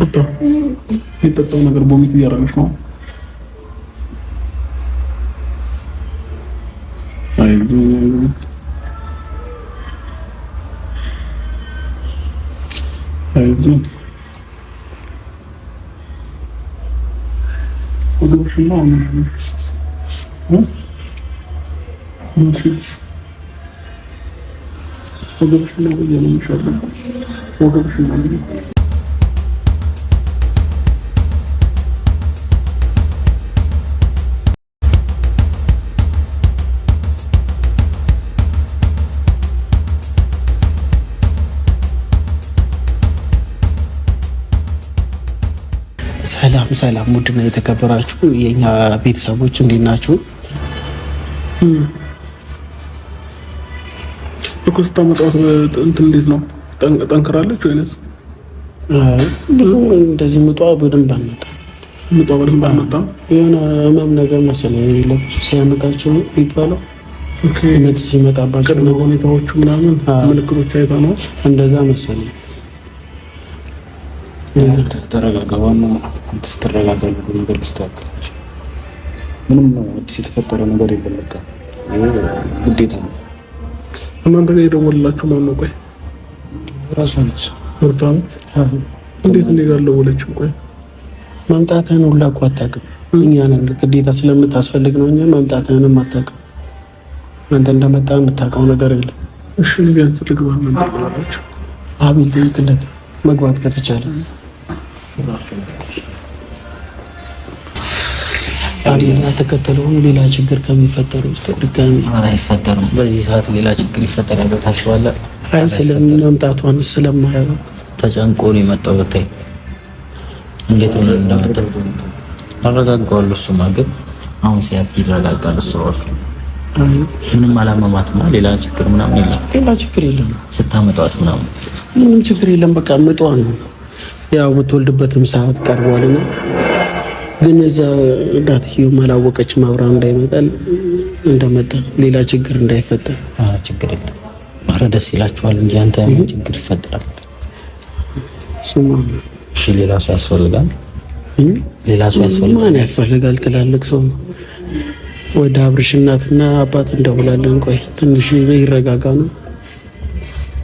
Круто. И тогда он, наверное, будет веруешь, ну. А я иду, я иду. А я иду. Подольше мало нужно. Ну? Значит, подольше мало делаем еще одно. Подольше мало. ሰላም ሰላም፣ ነው የተከበራችሁ የኛ ቤተሰቦች እንዴት ናችሁ? እኮ ስታመጣት እንትን እንዴት ነው ጠንክራለች ወይነስ? ብዙም እንደዚህ ምጧ በደንብ አልመጣም፣ ምጧ በደንብ አልመጣም። የሆነ ህመም ነገር መሰለኝ ለብሱ ሲያመጣቸው ይባለው ሲመጣባቸው ሁኔታዎቹ ምናምን ምልክቶች አይታ ነው እንደዛ መሰለኝ ተረጋጋ። ዋናው ስትረጋጋ ነገር ሊስተካከል ምንም አዲስ የተፈጠረ ነገር የለም። ግዴታ ነው። እናንተ ጋር የደወለላችሁ ማን ነው? ቆይ ራሷ ነች። ወርታ ነው እንዴት እኔ ጋር ደወለች? ቆይ መምጣትህን ሁላ እኮ አታውቅም። እኛን ግዴታ ስለምታስፈልግ ነው እንጂ መምጣትህንም አታውቅም። አንተ እንደመጣ የምታውቀው ነገር የለም። እሺ ቢያንስ ልግባ። ምን አቤል ጠይቅለት መግባት ከተቻለ አዴን ያልተከተለውን ሌላ ችግር ከሚፈጠር ውስጥ ድጋሚ አይፈጠርም። በዚህ ሰዓት ሌላ ችግር ይፈጠራል ብለህ ታስባለህ? አይ ስለመምጣቷን ስለማያውቅ ተጨንቆ ነው የመጣው። ብታይ እንዴት ሆነ እንደመጣ አረጋግጠዋለሁ። እሱማ ግን አሁን ሲያት ይረጋጋል እሱ ራሱ። ምንም አላመማትማ። ሌላ ችግር ምናምን የለም። ሌላ ችግር የለም። ስታመጣት ምናምን ምንም ችግር የለም። በቃ ምጧን ነው ያው የምትወልድበትም ሰዓት ቀርቧል ቀርቧልና ግን እዛ እናትየው አላወቀች መብራን እንዳይመጣል እንደመጣ ሌላ ችግር እንዳይፈጠር ችግር የለም። ኧረ ደስ ይላችኋል እንጂ አንተ ችግር ይፈጠራል። እሺ ሌላ ሰው ያስፈልጋል። ሌላ ሰው ያስፈልጋል። ማን ያስፈልጋል? ትላልቅ ሰው ነው። ወደ አብርሽ እናትና አባት እንደውላለን። ቆይ ትንሽ ይረጋጋ ነው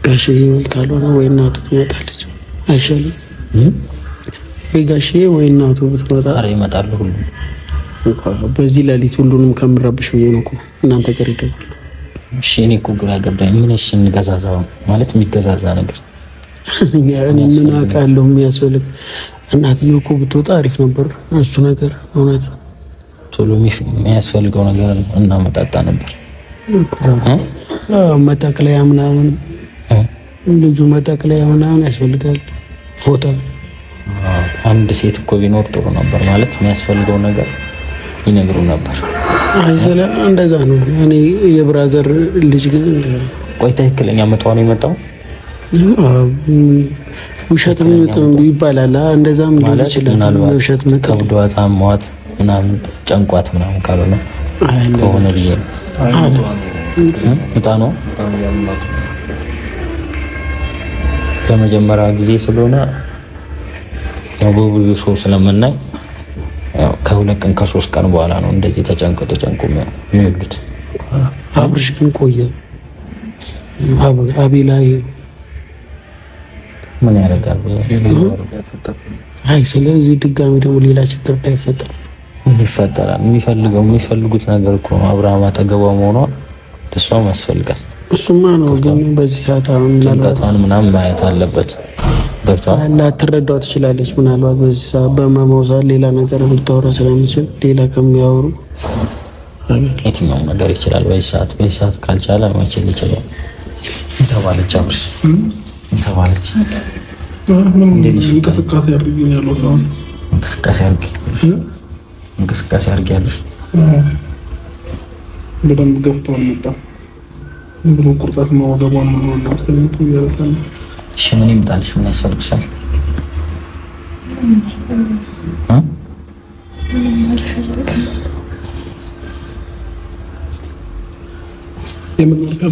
ጋሽ ይወል ካልሆነ ወይ እናቱ ትመጣለች አይሻልም? ወይ ጋሼ ወይ እናቱ ብትመጣ ይመጣል። ሁሉ በዚህ ሌሊት ሁሉንም ከምረብሽ ብዬ ነው እኮ እናንተ ጋር ይደዋል። እሺ እኔ እኮ ግራ ገባኝ። ምን እሺ እንገዛዛው ማለት የሚገዛዛ ነገር ምን አውቃለሁ የሚያስፈልግ እናትዬው እኮ ብትወጣ አሪፍ ነበር። እሱ ነገር እውነት ቶሎ የሚያስፈልገው ነገር እናመጣጣ ነበር። መጠቅለያ ምናምን ልጁ መጠቅለያ ምናምን ያስፈልጋል። ፎቶ አንድ ሴት እኮ ቢኖር ጥሩ ነበር። ማለት የሚያስፈልገው ነገር ይነግሩ ነበር። አይ እንደዛ ነው። እኔ የብራዘር ልጅ ግን ቆይ ትክክለኛ መጣው ነው የመጣው። ውሸት ምጥም ይባላል። እንደዛም ሊሆን ይችላል። ውሸት ምጥም ከብዷት አሟት ምናምን ጨንቋት ምናምን ካልሆነ ከሆነ ብዬ ነው እጣ ነው ለመጀመሪያ ጊዜ ስለሆነ ያው በብዙ ሰው ስለምናይ ከሁለት ቀን ከሶስት ቀን በኋላ ነው እንደዚህ ተጨንቆ ተጨንቆ የሚወዱት። አብርሽ ግን ቆየ። ላይ ምን ያደርጋል? አይ ስለዚህ ድጋሚ ደግሞ ሌላ ችግር እንዳይፈጠር ምን ይፈጠራል? የሚፈልገው የሚፈልጉት ነገር እኮ ነው። አብርሃም አጠገቧ መሆኗ እሷም ያስፈልጋል። እሱማ ነው ግን በዚህ ሰዓት አሁን ጭንቀቷን ምናምን ማየት አለበት። ገብቷል። ላትረዳው ትችላለች። ምናልባት በዚህ ሰዓት በመመውሳ ሌላ ነገር ልታወራ ስለምችል ሌላ ከሚያወሩ የትኛው ነገር ይችላል። በዚህ ሰዓት በዚህ ሰዓት ካልቻለ መችል ይችላል ተባለች። አብርሽ ተባለች እንቅስቃሴ አድርጊ እንቅስቃሴ አድርጊ ያሉሽ በደንብ ገፍተው አልመጣም ብሎ ቁርጠት ነው ወገቧን ምንሆን እሺ፣ ምን ይምጣልሽ? ምን ያስፈልግሻል? የምንጠጣ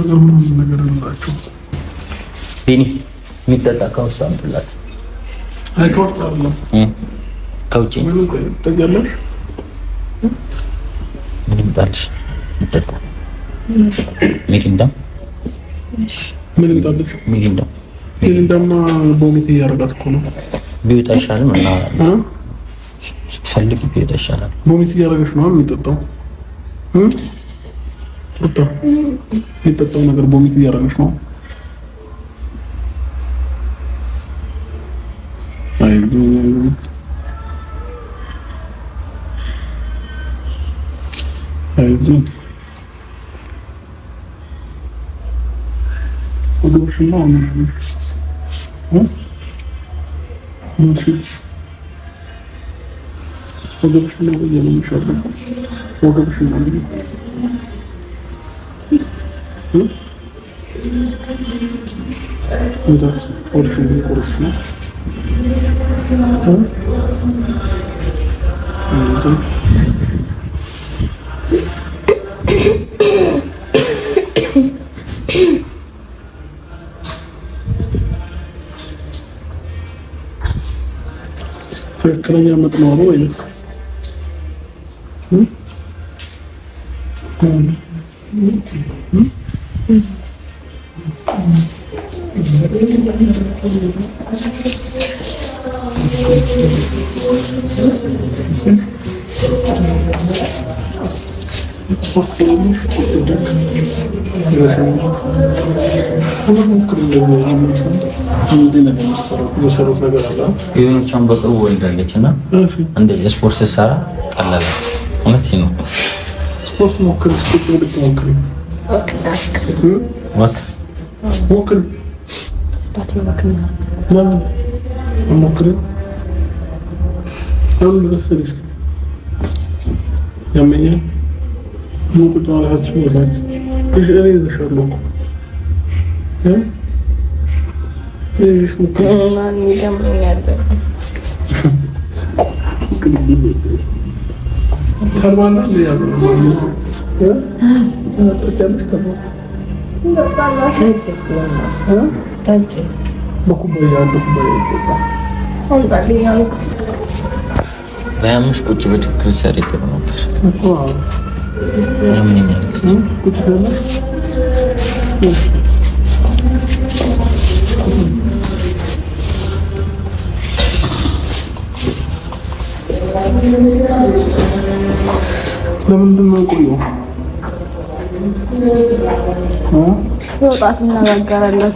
ነገር ምናምን ነገር ላቸው ቢኒ የሚጠጣ ከውስጥ አምጡላት። ከውጭ ምንም ጣልሽ ይጠጣ ሚሪንዳ እያደረጋት እኮ ቢወጣ አይሻልም? እና ስትፈልግ ቢወጣ ይሻላል። ቦሚት እያደረገች ነው የሚጠጣው የሚጠጣው ነገር ቦሚት እያደረገች ነው не, Пойду. Подольше мало, наверное. А? Значит, подольше мало делаем еще одно. Подольше мало. А? Ну да, очень коротко. Huh? Amazing. ትክክለኛ የምትኖሩ ወይ Thank you. የሆነችን በቅርቡ ወልዳለች እና እንደዚህ ስፖርት ስትሰራ ቀለላት። እውነቴን ነው። ስፖርት ሞክር፣ ስፖርት ልክ ሞክር፣ ሞክር፣ ሞክር ያመኛል Muito da hat es mir gesagt. Ich rede Sherlock. He? Ne iş bu kadar? Lan midem geldi. Parmağından mı yavrum? Ya? Ha, tutmuş da bu. Tente istiyorlar. Ha? Tente. Dokunmayı ya, dokunmayı. Onu da bir yanık. Beğenmiş bu gibi tüm gün seri yang meninggal hmm? ለምንድን ነው የቆየው? መውጣት እንነጋገራለን።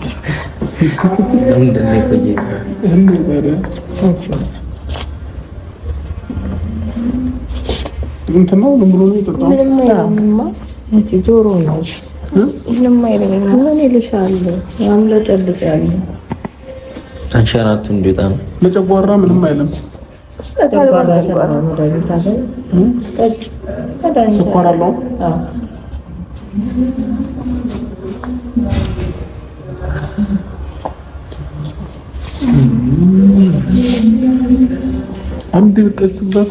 ለምንድን ነው የቆየው? እንትን ነው ዝም ብሎ ነው የጠጣው። ጆሮ ነው ምንም አይደለም። ምን እልሻለሁ፣ አምለጠልጫለሁ። እንዴታ ነው። ለጨጓራ ምንም አይለም። አንድ ብጠጭበት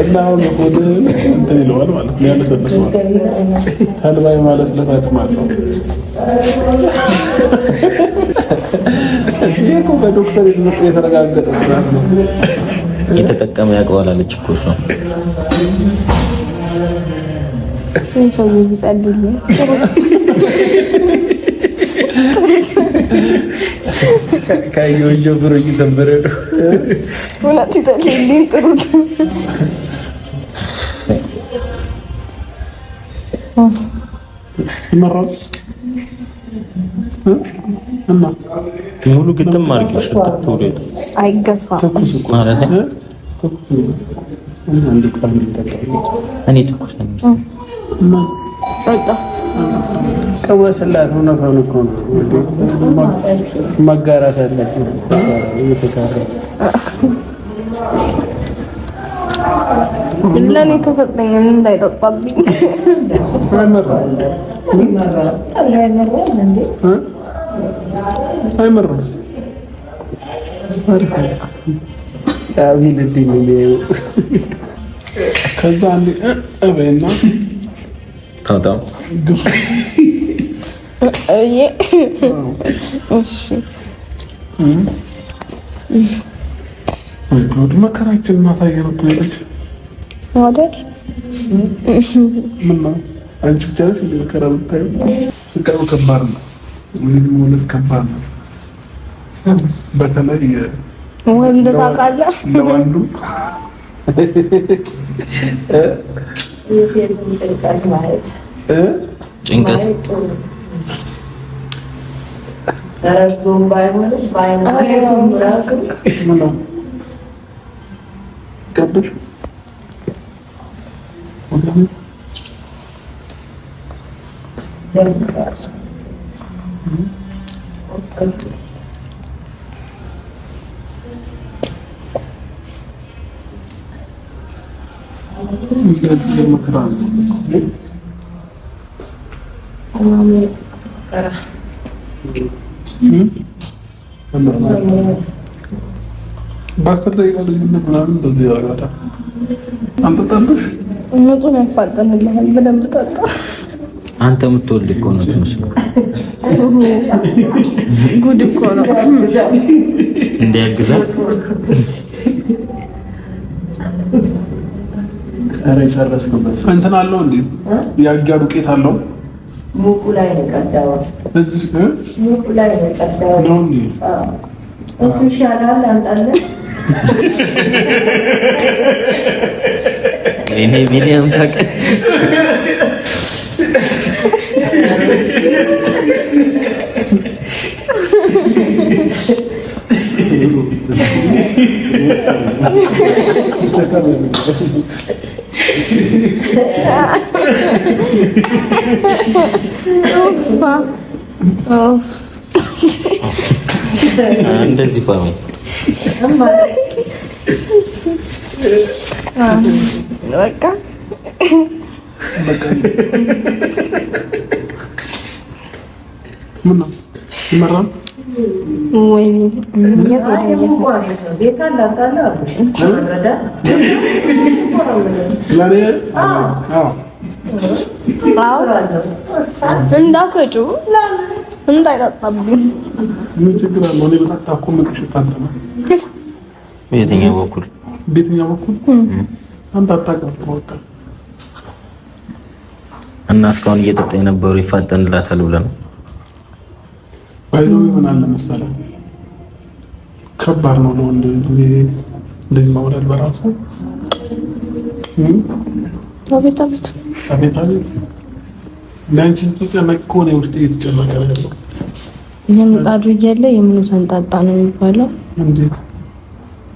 እና አሁን ወደ እንትን ይለዋል ማለት ነው ያለ ተነሷል። ተልባይ ማለት ለታቅም እኮ በዶክተር የተረጋገጠ ስርዓት ነው። የተጠቀመ ያውቀዋል አለች እኮ እሷ። ሰውዬው ቢጸልልኝ ካየሁ ጀምሮ እየዘመረ ነው። ጥሩ ይመራል እና ሙሉ ግጥም አድርጊ። ሽንት ትውልድ ትኩስ ማለት እኔ ትኩስ ነው። ቀወስላት እውነቷን እኮ ነው። ማጋራት አለብን። Naglanito sa tingin dahil pag አይመራ አይመራ ከዛ እቤና ታጣም መከራችን ማሳየ ነው ነው አይደል? ምነው አንቺ ብቻ ነሽ እንደ መከራ የምታየው? ስቃዩ ከባድ ነው። ልጅ መውለድ ከባድ ነው። በተለይ ወንድ ታውቃለህ፣ ለወንዱ ጭንቀት ባይሆንም ባይሆንም ራሱ ነው ገባሽ canım var. O kadar. Gözlerimi kırardım. Anamı kara. Kimi? Basırda ilgilendiğinde bunların da diyor. Anlatılmış? Unutmayın farkında. Ben de tatlı. አንተ የምትወልድ እኮ ነው ትመስለው። ጉድ እኮ ነው እንዲያግዛት። እንትን አለው እንዴ? የአጊያ ዱቄት አለው። ሙቁ ላይ ነው ቀዳው። ሙቁ ላይ ነው ቀዳው ነው እንዴ? እሱ ይሻላል። አምጣለን እኔ ሚሊየም ሳቀ እንደዚህ በቃ ምን ነው ይመራል እንዳትሰጪው እንዳይጣጣብኝ። አንተ በየትኛው በኩል በየትኛው በኩል አንተ አታውቅም። እና እስካሁን እየጠጣ የነበሩ ይፋጠንላታል ብለህ ነው ባይዶ ምን አለ መሰለህ፣ ከባድ ነው ለወንድ ጊዜ እንደዚህ መውለድ በራሱ አቤት አቤት አቤት አቤት። ለአንቺ ስትጨነቅ እኮ እኔ እየተጨነቀ ነው ያለው። የምጣዱ እያለ የምኑ ሰንጣጣ ነው የሚባለው? እንዴት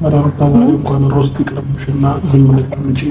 መራርታ ዛሬ እንኳን ሮስት ዝም ብለሽ ምጪ።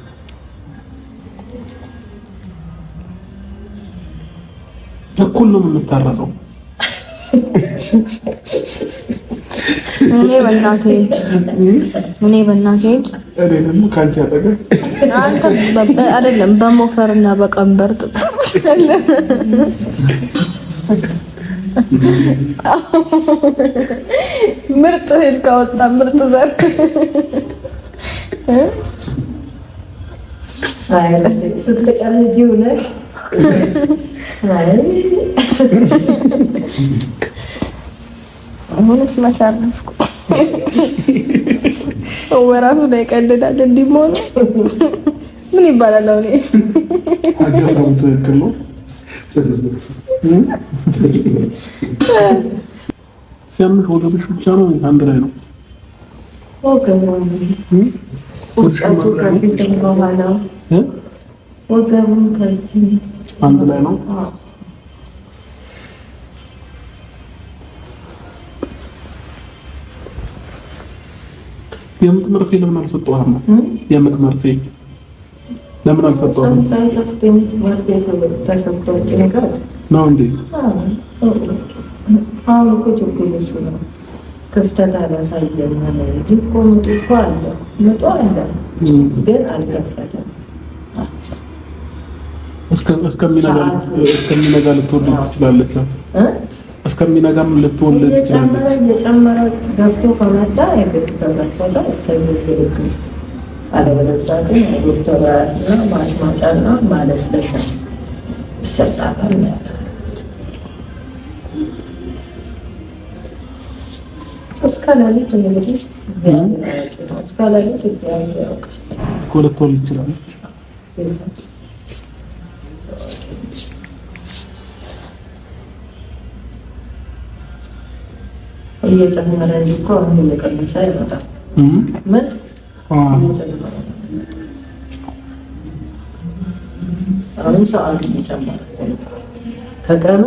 እኩል ነው የምንታረሰው። እኔ በእናቴ እኔ በእናቴ እኔ ደግሞ ከአንቺ አጠገብ አይደለም በሞፈርና በቀንበር ምርጥ እህል ካወጣ ምርጥ ዘር ስትቀር ልጅ ሆነሽ አሁንስ መች አረፍኩ። ሰው በራሱ ላይ ቀልዳል። እንዲህ መሆኑ ምን ይባላል? አሁን አጋጣሚ ትክክል ነው። ሲያምሽ ወገብሽ ብቻ ነው አንድ ላይ ነው። ወገቡ ከዚህ አንድ ላይ ነው። የምጥ መርፌ ለምን አልሰጠውም? የምጥ መርፌ ለምን አልሰጠውም? ነው እንዴ? ክፍተት አላሳየም እንጂ እኮ ምጡ አለ፣ ምጡ አለ ግን አልከፈተም። እስከሚነጋ ልትወልድ ትችላለች። እስከሚነጋም ልትወልድ ትችላለች። አለበለዚያ ግን ማለስለሻ እስከ እንግዲህ እስከ ሌሊት ያውቃል። ልትወልድ ትችላለች። እየጨመረ እኮ አሁን እየቀነሰ አይመጣም። ምጥ እየጨመረ አሁን ሰዓት እየጨመረ ከቀኑ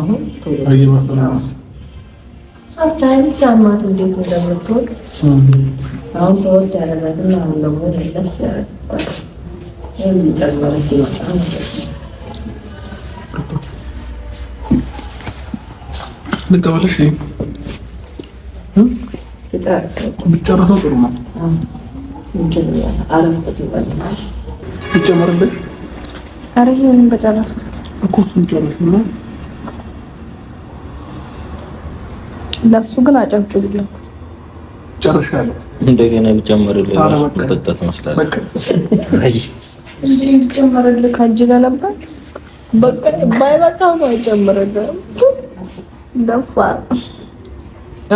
አሁን አብታይም ሲያማት እንዴት እንደምትወቅ አሁን ተወድ ያደረግን አሁን ደግሞ መለስ ያደረግባት እየጨመረ ሲመጣ ልቀበለሽ ብጨረሰው ጥሩ ነው። ትጨመርልሽ? ኧረ ይሄንን በጨረሰው እኮ እሱን ጨረስና ለእሱ ግን አጨብጭብለው። ጨርሻለሁ። እንደገና ቢጨመርልህ መጠጣት መስላለህ። ቢጨመርልህ ከእጅ ገለባል። ባይበቃ አይጨምርልህም። ደፋር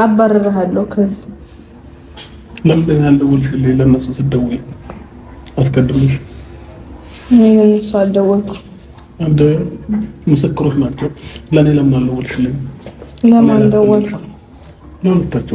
አባረርሃለሁ ከዚህ ለምንድን ነው ያልደወልሽልኝ? ለእነሱ ስትደውይ አስቀድመሽ እኔ ለእነሱ አልደወልኩም። አንተ ምስክሮች ናቸው። ለእኔ ለምን አልደወልሽልኝ? ለማን ደወልኩ? ለሁለታቸው